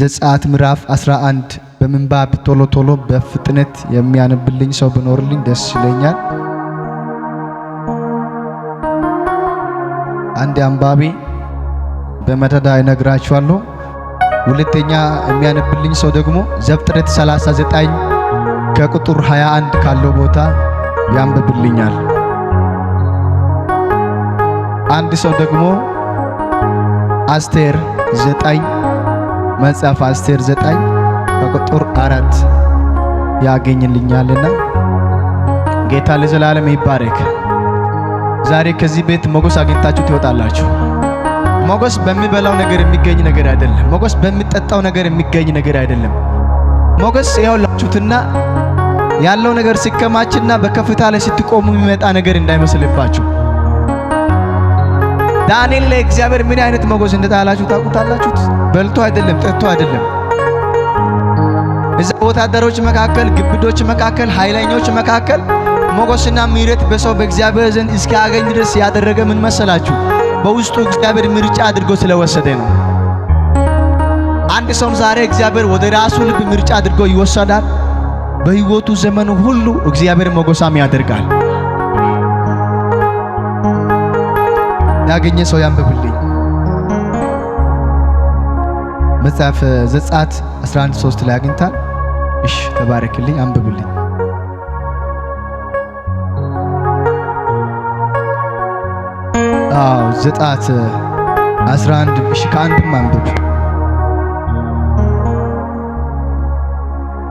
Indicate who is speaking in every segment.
Speaker 1: ዘጸአት ምዕራፍ 11 በምንባብ ቶሎ ቶሎ በፍጥነት የሚያነብልኝ ሰው ብኖርልኝ ደስ ይለኛል። አንድ አንባቢ በመደዳ ይነግራችኋለሁ። ሁለተኛ የሚያነብልኝ ሰው ደግሞ ዘፍጥረት 39 ከቁጥር 21 ካለው ቦታ ያንብብልኛል። አንድ ሰው ደግሞ አስቴር 9 መጽሐፍ አስቴር ዘጠኝ በቁጥር አራት ያገኝልኛልና ጌታ ለዘላለም ይባረክ። ዛሬ ከዚህ ቤት ሞገስ አግኝታችሁ ትወጣላችሁ። ሞገስ በሚበላው ነገር የሚገኝ ነገር አይደለም። ሞገስ በሚጠጣው ነገር የሚገኝ ነገር አይደለም። ሞገስ ያውላችሁትና ያለው ነገር ሲከማችና በከፍታ ላይ ስትቆሙ የሚመጣ ነገር እንዳይመስልባችሁ። ዳንኤል ለእግዚአብሔር ምን አይነት ሞገስ እንደጣላችሁ ታውቁታላችሁት። በልቶ አይደለም ጠጥቶ አይደለም። እዛ ወታደሮች መካከል፣ ግብዶች መካከል፣ ኃይለኞች መካከል ሞገስና ምሕረት በሰው በእግዚአብሔር ዘንድ እስኪያገኝ ድረስ ያደረገ ምን መሰላችሁ? በውስጡ እግዚአብሔር ምርጫ አድርጎ ስለወሰደ ነው። አንድ ሰውም ዛሬ እግዚአብሔር ወደ ራሱ ልብ ምርጫ አድርጎ ይወሰዳል። በሕይወቱ ዘመኑ ሁሉ እግዚአብሔር ሞገሳም ያደርጋል። ያገኘ ሰው ያንብብልኝ። መጽሐፍ ዘጸአት 11፥3 ላይ አግኝታል። እሺ ተባረክልኝ፣ አንብብልኝ። አዎ ዘጸአት 11 እሺ፣ ከአንድም አንብብ።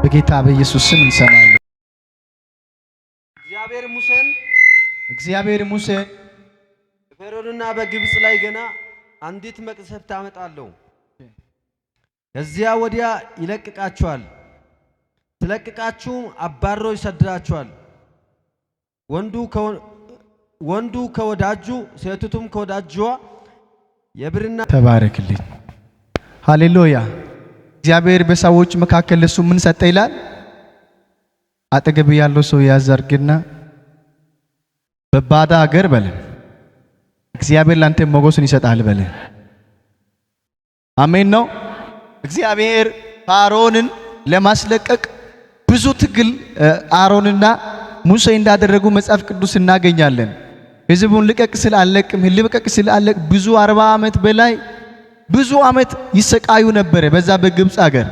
Speaker 1: በጌታ በኢየሱስ ስም እንሰማለን።
Speaker 2: እግዚአብሔር ሙሴን እግዚአብሔር ሙሴን በፈርዖንና በግብፅ ላይ ገና አንዲት መቅሰፍት አመጣለሁ ከዚያ ወዲያ ይለቅቃችኋል፣ ትለቅቃችሁም አባሮ ይሰድራችኋል። ወንዱ ከወዳጁ ሴቲቱም ከወዳጅዋ የብርና
Speaker 1: ተባረክልኝ። ሃሌሉያ። እግዚአብሔር በሰዎች መካከል እሱ ምን ሰጠ ይላል። አጠገብ ያለው ሰው ያዘርግና በባዳ ሀገር በለ እግዚአብሔር ላንተ ሞገስን ይሰጣል በለ። አሜን ነው እግዚአብሔር አሮንን ለማስለቀቅ ብዙ ትግል አሮንና ሙሴ እንዳደረጉ መጽሐፍ ቅዱስ እናገኛለን። ህዝቡን ልቀቅ ስል አለቅም ልቀቅ ስል አለቅ ብዙ አርባ ዓመት በላይ ብዙ ዓመት ይሰቃዩ ነበረ። በዛ በግብፅ አገር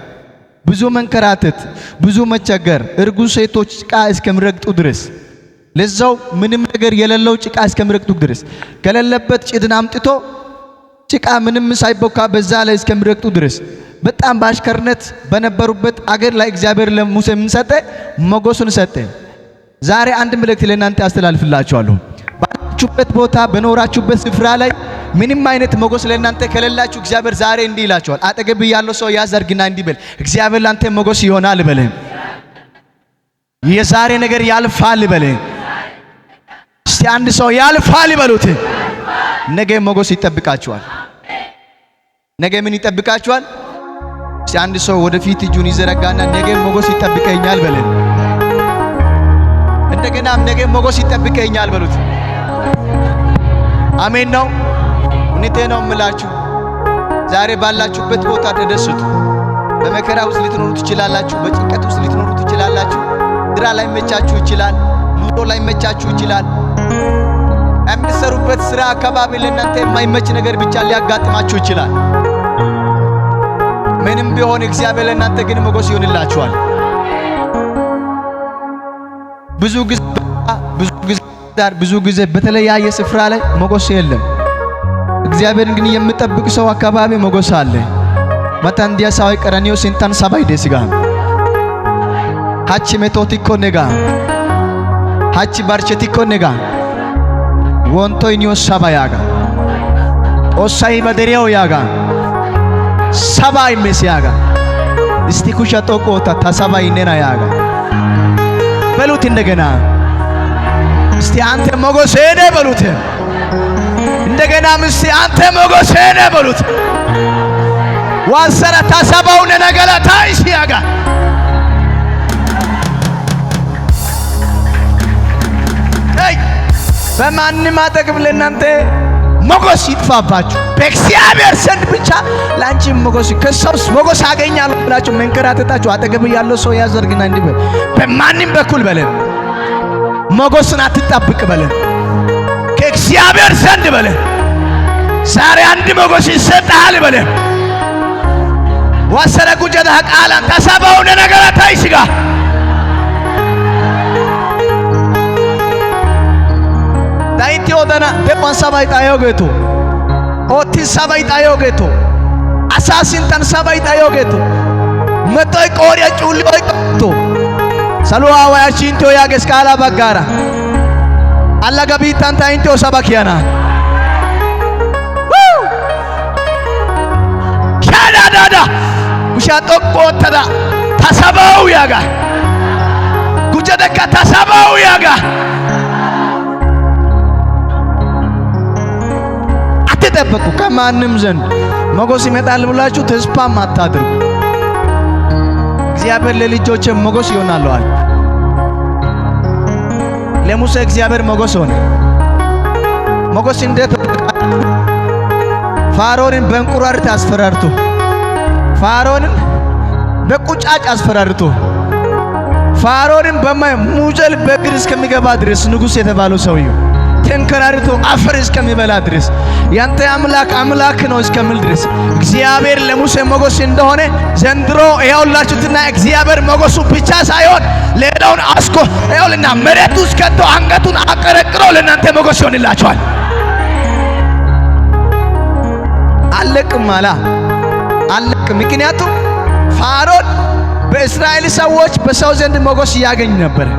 Speaker 1: ብዙ መንከራተት፣ ብዙ መቸገር፣ እርጉዝ ሴቶች ጭቃ እስከሚረግጡ ድረስ ለዛው ምንም ነገር የሌለው ጭቃ እስከሚረግጡ ድረስ ከሌለበት ጭድን አምጥቶ ጭቃ ምንም ሳይቦካ በዛ ላይ እስከሚረግጡ ድረስ በጣም በአሽከርነት በነበሩበት አገር ላይ እግዚአብሔር ለሙሴ ምን ሰጠ? መጎሱን ሰጠ። ዛሬ አንድ መልእክት ለእናንተ ያስተላልፍላችኋለሁ። ባላችሁበት ቦታ በኖራችሁበት ስፍራ ላይ ምንም አይነት መጎስ ለእናንተ ከሌላችሁ እግዚአብሔር ዛሬ እንዲህ ይላችኋል። አጠገብ ያለው ሰው ያዘርግና እንዲህ በል፣ እግዚአብሔር ለአንተ መጎስ ይሆናል በልህ። የዛሬ ነገር ያልፋል በልህ። እስቲ አንድ ሰው ያልፋል በሉት። ነገ ሞገስ ይጠብቃችኋል። ነገ ምን ይጠብቃችኋል? አንድ ሰው ወደፊት እጁን ይዘረጋና ነገ ሞገስ ይጠብቀኛል በለን። እንደገናም ነገ ሞገስ ይጠብቀኛል በሉት። አሜን ነው። እውነቴ ነው የምላችሁ፣ ዛሬ ባላችሁበት ቦታ ተደስቱ። በመከራ ውስጥ ልትኖሩ ትችላላችሁ። በጭንቀት ውስጥ ልትኖሩ ትችላላችሁ። ድራ ላይ መቻችሁ ይችላል። ኑሮ ላይ መቻችሁ ይችላል። የምትሰሩበት ስራ አካባቢ ለእናንተ የማይመች ነገር ብቻ ሊያጋጥማችሁ ይችላል። ምንም ቢሆን እግዚአብሔር ለእናንተ ግን መጎስ ይሆንላችኋል። ብዙ ጊዜ ብዙ ጊዜ ብዙ ጊዜ በተለያየ ስፍራ ላይ መጎስ የለም። እግዚአብሔርን ግን የምጠብቅ ሰው አካባቢ መጎስ አለ። መታንዲያ ሳዊ ቀረኒዮ ሲንታን ሳባይ ደስጋ ሀቺ ሜቶቲኮ ነጋ ሀቺ ባርቸቲኮ ነጋ wontoi saba yaaga xoossay ba deriyawu yaaga sabaa immes yaaga istti kushiya xoqqu ootta ta sabay nena yaaga በሉት እንደገና እስቲ አንተ ሞገሴ ነህ በሉት። እንደገናም እስቲ አንተ ሞገሴ ነህ በሉት። ዋሰረ ታሰባው ነነገላ ታይስ ያጋ በማንም አጠገብ ለእናንተ ሞገስ ይጥፋባችሁ። በእግዚአብሔር ዘንድ ብቻ ለአንቺ ሞገስ ከሰውስ ሞገስ አገኛለሁ ብላችሁ መንከራተታችሁ አጠገብ ያለው ሰው ያዘርግና እንዲህ በል፣ በማንም በኩል በለን ሞገስን አትጠብቅ በለን ከእግዚአብሔር ዘንድ በለን። ዛሬ አንድ ሞገስ ይሰጥሃል በለን ዋሰረ ጉጀታ ቃላን ተሰባውን ነገራ ታይስጋ ዳይንቲ ኦደና ደቆን sabay xayoogeetu ootti sabay xayoogeetu asaa sinttan sabay xayoogeetu metoy qooriya cuulli oyqqatu salo aaway ashshi inttiyo yaages qaalaa baggaara allaga biittan ta inttiyo saba kiyana kiyanaadaada ushaa xoqqu oottada ta sabawu yaaga gujadekka ta sabawu yaaga አትጠብቁ ከማንም ዘንድ። ሞገስ ይመጣል ብላችሁ ተስፋም አታድርጉ። እግዚአብሔር ለልጆች ሞገስ ይሆናለዋል። ለሙሴ እግዚአብሔር ሞገስ ሆነ። ሞገስ እንዴት ፋሮንን በእንቁራሪት አስፈራርቶ ፋሮንን በቁጫጭ አስፈራርቶ ፋሮንን በማይ ሙዘል በግር እስከሚገባ ድረስ ንጉሥ የተባለው ሰውየው ተንከራርቶ አፈር እስከሚበላ ድረስ ያንተ አምላክ አምላክ ነው እስከሚል ድረስ እግዚአብሔር ለሙሴ ሞገስ እንደሆነ ዘንድሮ ያውላችሁትና እግዚአብሔር ሞገሱ ብቻ ሳይሆን ሌላውን አስኮ ይኸውልና መሬቱ እስከቶ አንገቱን አቀረቅሮ ለእናንተ ሞገስ ይሆንላችኋል። አለቅም አላ አለቅ። ምክንያቱም ፋሮን በእስራኤል ሰዎች በሰው ዘንድ ሞገስ እያገኝ ነበር።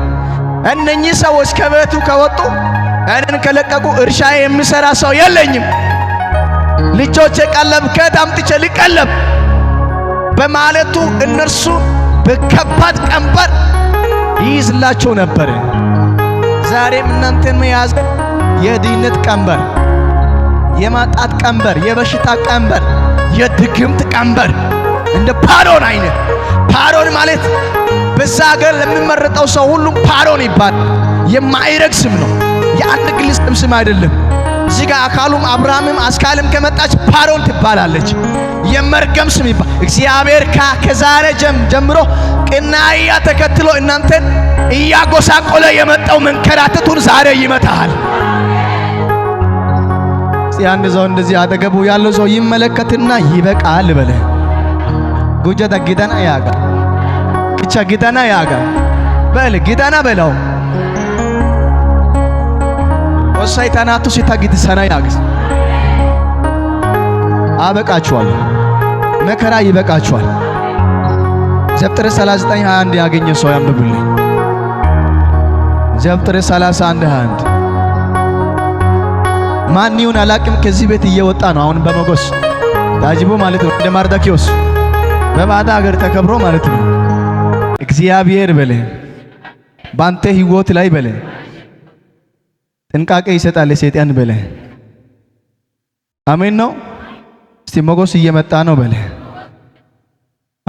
Speaker 1: እነኚህ ሰዎች ከቤቱ ከወጡ እኔን ከለቀቁ እርሻዬ የምሰራ ሰው የለኝም። ልጆቼ ቀለብ ከየት አምጥቼ ልቀለብ በማለቱ እነርሱ በከባድ ቀንበር ይይዝላቸው ነበር። ዛሬም እናንተን መያዝ የድህነት ቀንበር፣ የማጣት ቀንበር፣ የበሽታ ቀንበር፣ የድግምት ቀንበር እንደ ፓሮን አይነት ፓሮን ማለት በዛ ሀገር ለሚመረጠው ሰው ሁሉም ፓሮን ይባላል። የማይረግ ስም ነው። የአንድ ግለሰብ ስም አይደለም። እዚህ ጋር አካሉም አብርሃምም አስካልም ከመጣች ፓሮን ትባላለች። የመርገም ስም ይባል። እግዚአብሔር ከዛሬ ጀምሮ ቅናያ ተከትሎ እናንተን እያጎሳቆለ የመጣው መንከራተቱን ዛሬ ይመታሃል። አንድ ሰው እንደዚህ አጠገቡ ያለው ሰው ይመለከትና ይበቃል በለ ጉጀታ ጊዳና ያጋ ብቻ ጊዳና ያጋ በል ጊዳና በለው ወሳይ ጠናቱ ሲታግድ ሰናይ ናግስ አበቃችኋል። መከራ ይበቃችኋል። ዘፍጥረ 39 21 ያገኘ ሰው ያንብብልኝ። ዘፍጥረ 31 21 ማን ይሁን አላቅም፣ ከዚህ ቤት እየወጣ ነው። አሁን በመጎስ ታጅቦ ማለት ነው። እንደ ማርዳኪዮስ በባዕድ ሀገር ተከብሮ ማለት ነው። እግዚአብሔር በለ ባንተ ህይወት ላይ በለ ጥንቃቄ ይሰጣል ለሰይጣን በለ። አሜን ነው። እስቲ ሞገስ እየመጣ ነው በለ።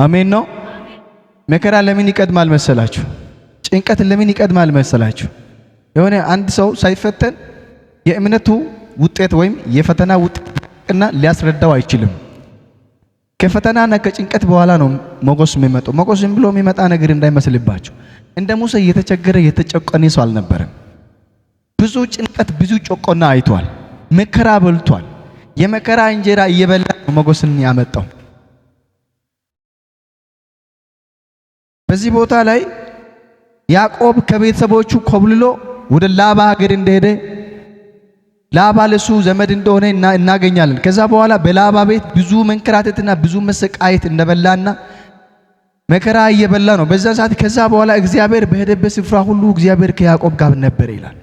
Speaker 1: አሜን ነው። መከራ ለምን ይቀድማል መሰላችሁ? ጭንቀት ለምን ይቀድማል መሰላችሁ? የሆነ አንድ ሰው ሳይፈተን የእምነቱ ውጤት ወይም የፈተና ውጤትና ሊያስረዳው አይችልም። ከፈተናና ከጭንቀት በኋላ ነው ሞገስ የሚመጣው። ሞገስ ዝም ብሎ የሚመጣ ነገር እንዳይመስልባችሁ። እንደ ሙሴ እየተቸገረ የተጨቆነ ሰው አልነበረም። ብዙ ጭንቀት፣ ብዙ ጮቆና አይቷል። መከራ በልቷል። የመከራ እንጀራ እየበላ ነው መጎስን ያመጣው። በዚህ ቦታ ላይ ያዕቆብ ከቤተሰቦቹ ኮብልሎ ወደ ላባ ሀገር እንደሄደ ላባ ለሱ ዘመድ እንደሆነ እናገኛለን። ከዛ በኋላ በላባ ቤት ብዙ መንከራተትና ብዙ መሰቃየት እንደበላና መከራ እየበላ ነው በዛ ሰዓት። ከዛ በኋላ እግዚአብሔር በሄደበት ስፍራ ሁሉ እግዚአብሔር ከያዕቆብ ጋር ነበር ይላል።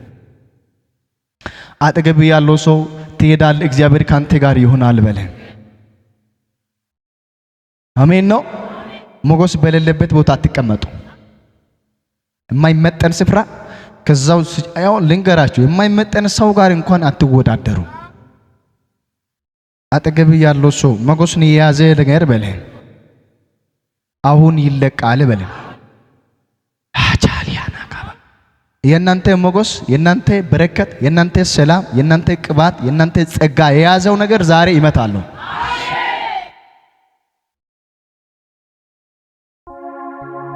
Speaker 1: አጠገብ ያለው ሰው ትሄዳል፣ እግዚአብሔር ካንተ ጋር ይሆናል በለ። አሜን ነው። ሞገስ በሌለበት ቦታ አትቀመጡ። የማይመጠን ስፍራ ከዛው ያው ልንገራችሁ፣ የማይመጠን ሰው ጋር እንኳን አትወዳደሩ። አጠገብ ያለው ሰው ሞገስን የያዘ ነገር በለ፣ አሁን ይለቃል በለ። የእናንተ ሞገስ፣ የእናንተ በረከት፣ የእናንተ ሰላም፣ የእናንተ ቅባት፣ የእናንተ ጸጋ የያዘው ነገር ዛሬ ይመጣል።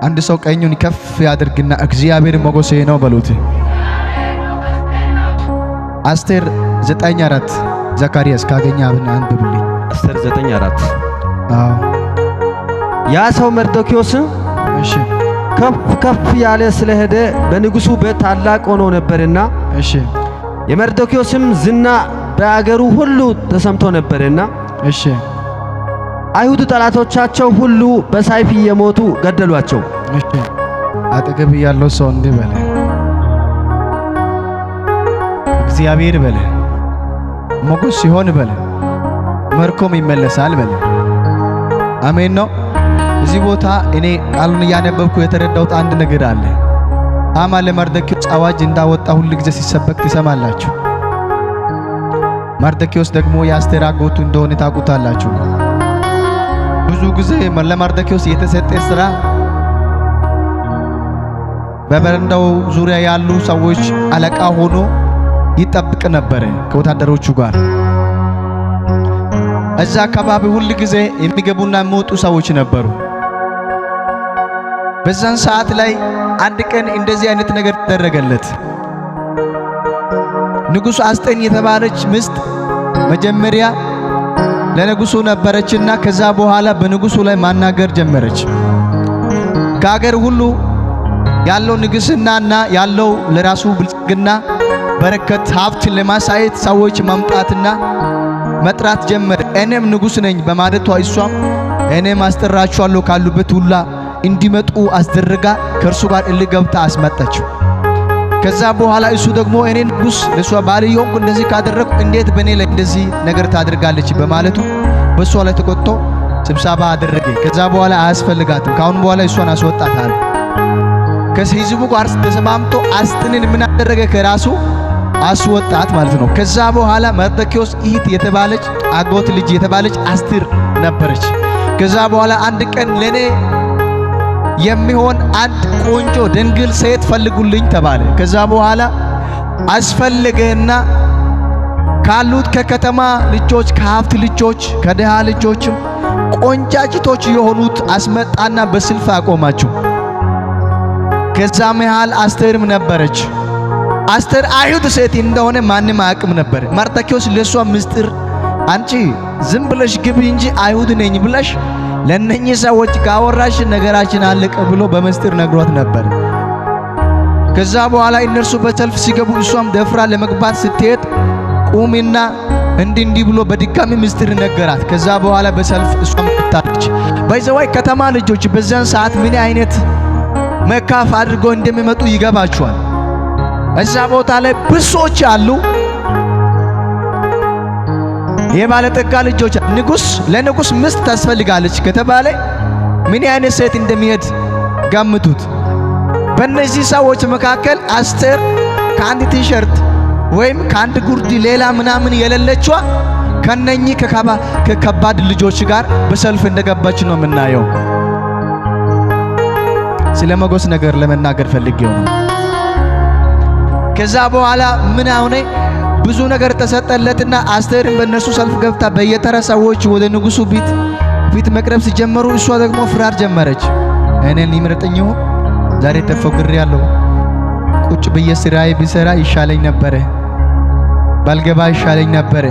Speaker 1: አንድ ሰው ቀኙን ከፍ ያድርግና እግዚአብሔር ሞገሴ ነው በሉት። አስቴር 9:4 ዘካርያስ ካገኘ አብና አንብብልኝ። አስቴር 9:4 አዎ ያ ሰው መርዶኪዎስ እሺ ከፍ ከፍ ያለ ስለሄደ በንጉሱ ቤት ታላቅ ሆኖ ነበርና፣ እሺ የመርዶኪዎስም ዝና በአገሩ ሁሉ ተሰምቶ ነበርና፣ እሺ አይሁድ ጠላቶቻቸው ሁሉ በሳይፍ እየሞቱ ገደሏቸው። እሺ አጠገብ ያለው ሰው እንዲህ በለ፣ እግዚአብሔር በለ፣ ሞገስ ሲሆን በለ፣ መርኮም ይመለሳል በለ። አሜን ነው። እዚህ ቦታ እኔ ቃሉን እያነበብኩ የተረዳሁት አንድ ነገር አለ። ሃማ ለመርደኪዎስ አዋጅ እንዳወጣ ሁል ጊዜ ሲሰበክ ትሰማላችሁ። መርደኪዎስ ደግሞ የአስቴር አጎቱ እንደሆነ ታውቁታላችሁ። ብዙ ጊዜ ለመርደኪዎስ የተሰጠ ስራ በበረንዳው ዙሪያ ያሉ ሰዎች አለቃ ሆኖ ይጠብቅ ነበረ ከወታደሮቹ ጋር። እዛ አካባቢ ሁል ጊዜ የሚገቡና የሚወጡ ሰዎች ነበሩ። በዛን ሰዓት ላይ አንድ ቀን እንደዚህ አይነት ነገር ተደረገለት። ንጉሱ አስጠኝ የተባለች ምስት መጀመሪያ ለንጉሱ ነበረችና ከዛ በኋላ በንጉሱ ላይ ማናገር ጀመረች። ከአገር ሁሉ ያለው ንግስናና ያለው ለራሱ ብልጽግና በረከት ሀብት ለማሳየት ሰዎች ማምጣትና መጥራት ጀመረ። እኔም ንጉስ ነኝ በማለቷ እሷም እኔም አስጠራችኋለሁ ካሉበት ሁላ እንዲመጡ አስደረጋ። ከእርሱ ጋር እልህ ገብታ አስመጣችው። ከዛ በኋላ እሱ ደግሞ እኔ ንጉሥ ለእሷ ባልየሆንኩ እንደዚህ ካደረግኩ እንዴት በእኔ ላይ እንደዚህ ነገር ታደርጋለች በማለቱ በእሷ ላይ ተቆጥቶ ስብሰባ አደረገ። ከዛ በኋላ አያስፈልጋትም፣ ከአሁን በኋላ እሷን አስወጣታል። ከህዝቡ ጋር ተሰማምቶ አስጥንን ምን አደረገ? ከራሱ አስወጣት ማለት ነው። ከዛ በኋላ መርደኪዎስ እህት የተባለች አጎት ልጅ የተባለች አስትር ነበረች። ከዛ በኋላ አንድ ቀን ለኔ የሚሆን አንድ ቆንጆ ድንግል ሴት ፈልጉልኝ ተባለ። ከዛ በኋላ አስፈልገና ካሉት ከከተማ ልጆች፣ ከሀብት ልጆች፣ ከድሃ ልጆችም ቆንጃጅቶች የሆኑት አስመጣና በስልፍ አቆማቸው። ከዛ መሃል አስቴርም ነበረች። አስቴር አይሁድ ሴት እንደሆነ ማንም አያውቅም ነበር። መርዶክዮስ ለሷ ምስጢር አንቺ ዝም ብለሽ ግቢ እንጂ አይሁድ ነኝ ብለሽ ለእነኚህ ሰዎች ካወራሽ ነገራችን አለቀ ብሎ በምስጢር ነግሯት ነበር። ከዛ በኋላ እነርሱ በሰልፍ ሲገቡ እሷም ደፍራ ለመግባት ስትሄድ ቁሚና እንዲህ እንዲህ ብሎ በድጋሚ ምስጢር ነገራት። ከዛ በኋላ በሰልፍ እሷም ወጣች። ባይዘዋይ ከተማ ልጆች በዛን ሰዓት ምን አይነት መካፍ አድርገው እንደሚመጡ ይገባቸዋል። እዛ ቦታ ላይ ብሶች አሉ። የባለጠጋ ልጆች ንጉስ ለንጉስ ሚስት ታስፈልጋለች ከተባለ ምን አይነት ሴት እንደሚሄድ ገምቱት። በእነዚህ ሰዎች መካከል አስቴር ከአንድ ቲሸርት ወይም ከአንድ ጉርድ ሌላ ምናምን የሌለችዋ ከነኚህ ከከባድ ልጆች ጋር በሰልፍ እንደገባች ነው የምናየው። ስለ መጎስ ነገር ለመናገር ፈልጌው ነው። ከዛ በኋላ ምን አሁኔ ብዙ ነገር ተሰጠለትና አስቴርን በእነሱ ሰልፍ ገብታ በየተራ ሰዎች ወደ ንጉሱ ፊት ፊት መቅረብ ሲጀመሩ እሷ ደግሞ ፍራር ጀመረች። እኔን ይምረጠኝ ይሆን? ዛሬ ያለው ቁጭ ብዬ ስራዬ ብሰራ ይሻለኝ ነበረ፣ ባልገባ ይሻለኝ ነበረ።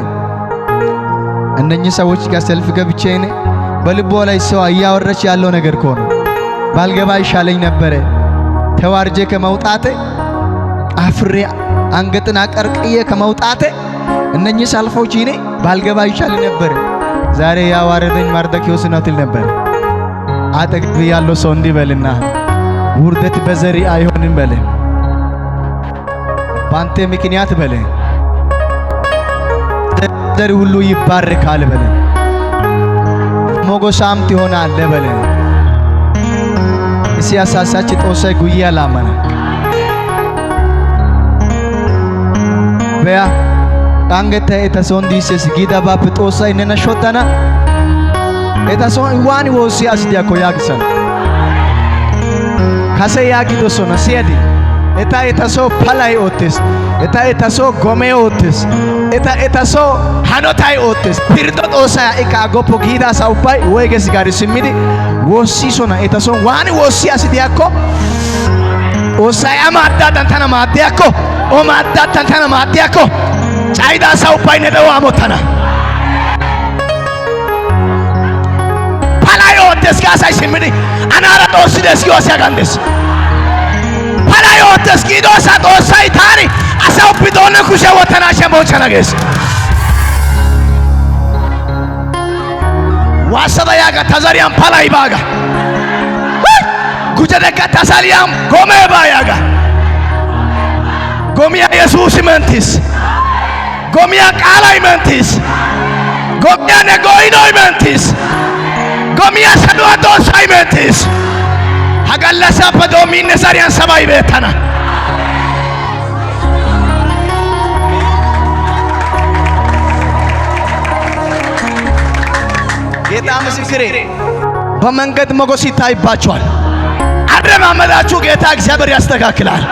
Speaker 1: እነኚህ ሰዎች ጋር ሰልፍ ገብቼ እኔ ላይ ሰው እያወረች ያለው ነገር ከሆነ ባልገባ ይሻለኝ ነበረ ተዋርጄ ከመውጣቴ አፍሬ አንገትን አቀርቅዬ ከመውጣት እነኚህ ሰልፎች እኔ ባልገባ ይሻል ነበር። ዛሬ ያዋረደኝ መርዶክዮስ ነው ትል ነበር። አጠገብ ያለው ሰው እንዲህ በልና ውርደት በዘሪ አይሆንም በል፣ ባንተ ምክንያት በል፣ ዘሪ ሁሉ ይባርካል በል፣ ሞጎሳም ትሆናለህ በል። እስያሳሳች ጦሰ ጉያ ላመና vea angeta eta veya dhangetta etason va petosa y nena shotana eta shoddana etason waani woossiya ya diyakko yaagisana kase yaagidosona siyadi eta eta so palai oottees eta eta so gome oottees eta eta so hanotai etasoo hanotay oottees pirddo xoossay ha"ikka aggoppo giida asa ubbay woyges gaari simmidi woossisona etason waani woossiya asi diyakko Xoossay amaaddaatan tana maaddiyaakko O maaddaatan tana maaddiyaakko cayida asa ubbay ne de'uwa amottana. Palay oottees gi asay simmidi anaara Xoossi dees gi oosiya ganddees. Palay oottees giidoosa Xoossay taani asa ubbi doonan kushiya wottanaashin bonchchana gees. Waassada yaaga ta zariyan palay baaga. kujedheka tasaliam gomee baayaga gomia yesuus imantis gomia qaala imantis gomia negoino imantis gomia sadu'a doossa imantis ha gallassaappe doommiinne zariyan sabay beettana ጌታ ምስክሬ በመንገድ መጎስ ይታይባቸዋል። አረማመዳችሁ ጌታ እግዚአብሔር ያስተካክላል።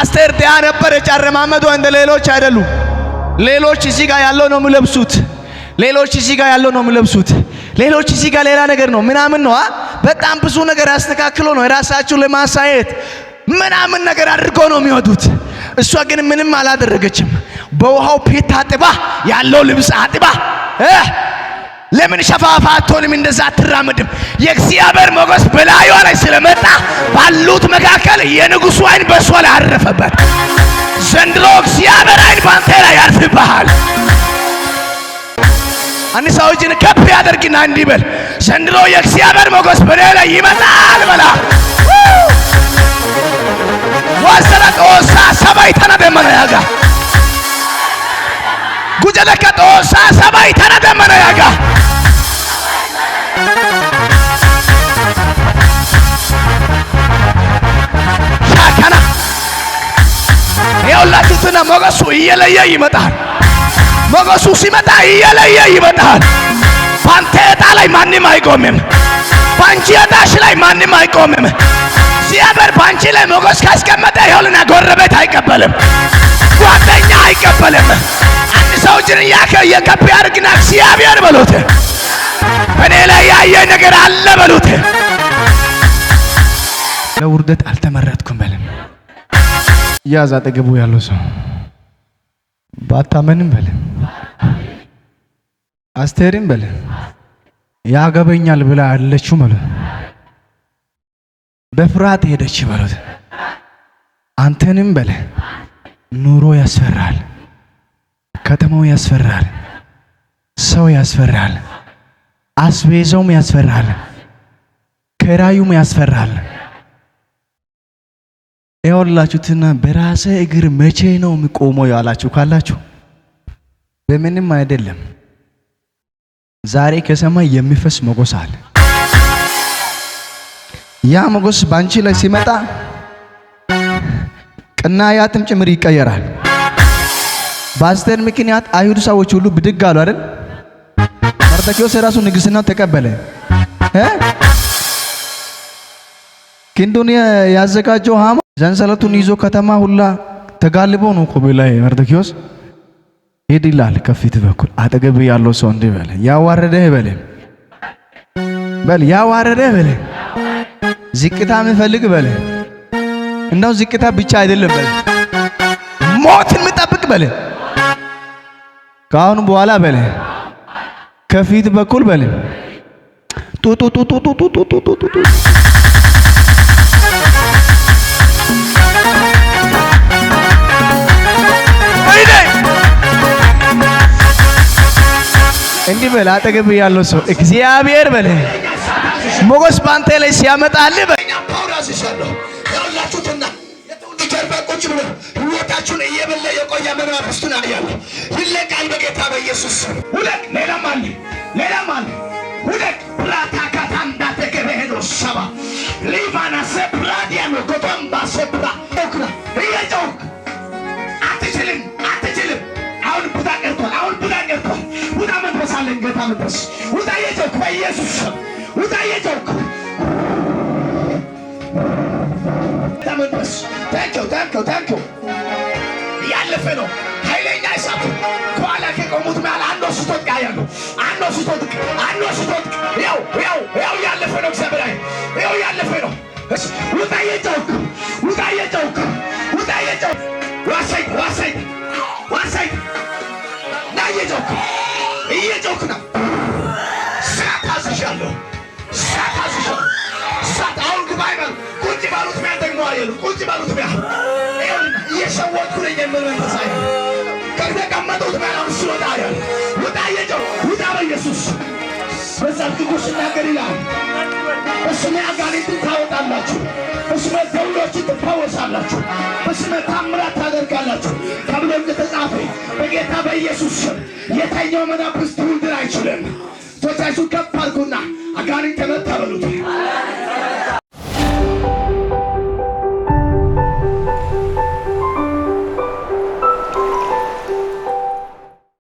Speaker 1: አስቴር ድሃ ነበረች። አረማመዷ እንደ ሌሎች አይደሉም። ሌሎች እዚህ ጋር ያለው ነው የሚለብሱት። ሌሎች እዚህ ጋር ያለው ነው የሚለብሱት። ሌሎች እዚህ ጋር ሌላ ነገር ነው ምናምን ነው። በጣም ብዙ ነገር አስተካክሎ ነው የራሳችሁ ለማሳየት ምናምን ነገር አድርጎ ነው የሚወዱት እሷ ግን ምንም አላደረገችም። በውሃው ፊት አጥባ ያለው ልብስ አጥባ ለምን ሸፋፋ አትሆንም? እንደዛ አትራመድም? የእግዚአብሔር ሞገስ በላዩ ላይ ስለመጣ ባሉት መካከል የንጉሱ አይን በእሷ ላይ አረፈበት። ዘንድሮ እግዚአብሔር አይን ባንተ ላይ ያርፍብሃል። አንድ ሰው እጅን ከፍ ያደርግና እንዲህ በል፣ ዘንድሮ የእግዚአብሔር ሞገስ በኔ ላይ ይመጣል በላ ዋሰረጦሳ ሰባይተና ደመና ያጋ ጉጀለከጦሳ ሰባይተና ደመና ያጋ ሱ እየለየ ይመጣል። ሞገሱ ሲመጣ እየለየ ይመጣል። ባንተ ላይ ማንም አይቆምም። ባንቺ ዕጣሽ ላይ ማንም አይቆምም። እግዚአብሔር ባንቺ ላይ ሞገስ ካስቀመጠ ይኸውልና ጎረቤት አይቀበልም፣ ጓደኛ አይቀበልም። አንድ ሰው ጅን ያከ የከብ ያርግና እግዚአብሔር በሉት በእኔ ላይ ያየ ነገር አለ በሉት። ለውርደት አልተመረጥኩም በልም ያዝ አጠገቡ ያለው ሰው ባታመንም በለ አስቴርም በለ ያገበኛል ብላ ያለችው ማለት በፍርሃት ሄደች ማለት አንተንም በለ ኑሮ ያስፈራል፣ ከተማው ያስፈራል፣ ሰው ያስፈራል፣ አስቤዛውም ያስፈራል፣ ከራዩም ያስፈራል። ይኸውላችሁትና በራሰ እግር መቼ ነው የምቆመው ያላችሁ ካላችሁ በምንም አይደለም። ዛሬ ከሰማይ የሚፈስ መጎስ አለ። ያ መጎስ በአንቺ ላይ ሲመጣ ቅናያትም ጭምር ይቀየራል። በአስቴር ምክንያት አይሁድ ሰዎች ሁሉ ብድግ አሉ አይደል? መርዶክዮስ የራሱ ንግሥናውን ተቀበለ። ክንዱን ያዘጋጀው ሃማ ዘንሰለቱን ይዞ ከተማ ሁላ ተጋልቦ ነው እኮ በላይ መርዶክዮስ ሂድ ይላል። ከፊት በኩል አጠገብ ያለው ሰው እንዲህ በለ፣ ያዋረደህ በለ በል፣ ያዋረደህ በለ፣ ዝቅታ ምፈልግ በለ፣ እንደው ዝቅታ ብቻ አይደለም በለ፣ ሞትን የምጠብቅ በለ፣ ከአሁን በኋላ በለ፣ ከፊት በኩል በለ ጡጡጡጡጡጡጡጡጡ እንዲህ በል፣ አጠገብ ያለው ሰው እግዚአብሔር በል ሞገስ ባንተ ላይ ሲያመጣልህ በል
Speaker 2: ህይወታችሁን እየበላ የቆየ መራፍ ውስጥ ይለቃል በጌታ በኢየሱስ ሌላም አለ ሌላም አለ ካታንዳ ሰባ ኦክራ ሰላም ድረስ። ውጣ እየጨውክ በኢየሱስ ስም ውጣ እየጨውክ ታንኪው እያለፈ ነው። ኃይለኛ እሳት ከኋላ ከቆሙት መሃል አንድ ወስዶት ያያሉ። አንድ ወስዶት አንድ ወስዶት ያው ያው ያው እያለፈ ነው። እግዚአብሔር ያው እያለፈ ነው። ውጣ እየጨውክ ውጣ እየጨውክ ውጣ እየጨውክ ዋሰኝ ዋሰኝ ቁጭ በሉት ቢያ እየሸወጥኩ ነኝ የምል መንፈሳይ ከተቀመጡት በራሱ ወጣ ያል ውጣ እየጨው ውጣ በኢየሱስ መጽሐፍ ቅዱስ ሲናገር ይላል በስሜ አጋንንትን ታወጣላችሁ፣ በስሜ ደውሎችን ትፈወሳላችሁ፣ በስሜ ታምራት ታደርጋላችሁ ተብሎ እንደተጻፈ በጌታ በኢየሱስ ስም የተኛው መናፍስት ትውልድን አይችልም። ቶቻችሁ ከፍ አድርጉና አጋንንት ተመታ በሉት።